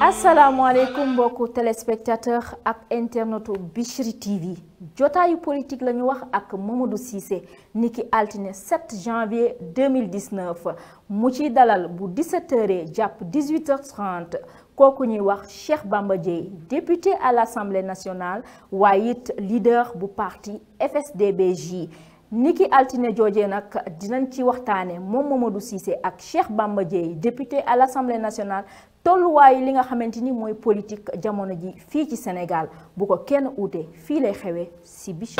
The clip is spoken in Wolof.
asalaamaaleykum mbokku téléspectateur ak internetu Bichri TV jotaayu politique la wax ak Mamadou Cissé niki altine 7 janvier 2019 mu ci dalal bu 17h jàpp 18 h kooku ñuy wax Cheikh Bamba Dièye député à l' national nationale waaye it leader bu parti FSD/BJ. niki altine joojee nag dinañ ci waxtaane moom Mamadou Cissé ak Cheikh Bamba Dièye député à l'Assemblée nationale tolluwaayu li nga xamante ni mooy politique jamono ji fii ci Sénégal bu ko kenn uute fii lay xewee si bi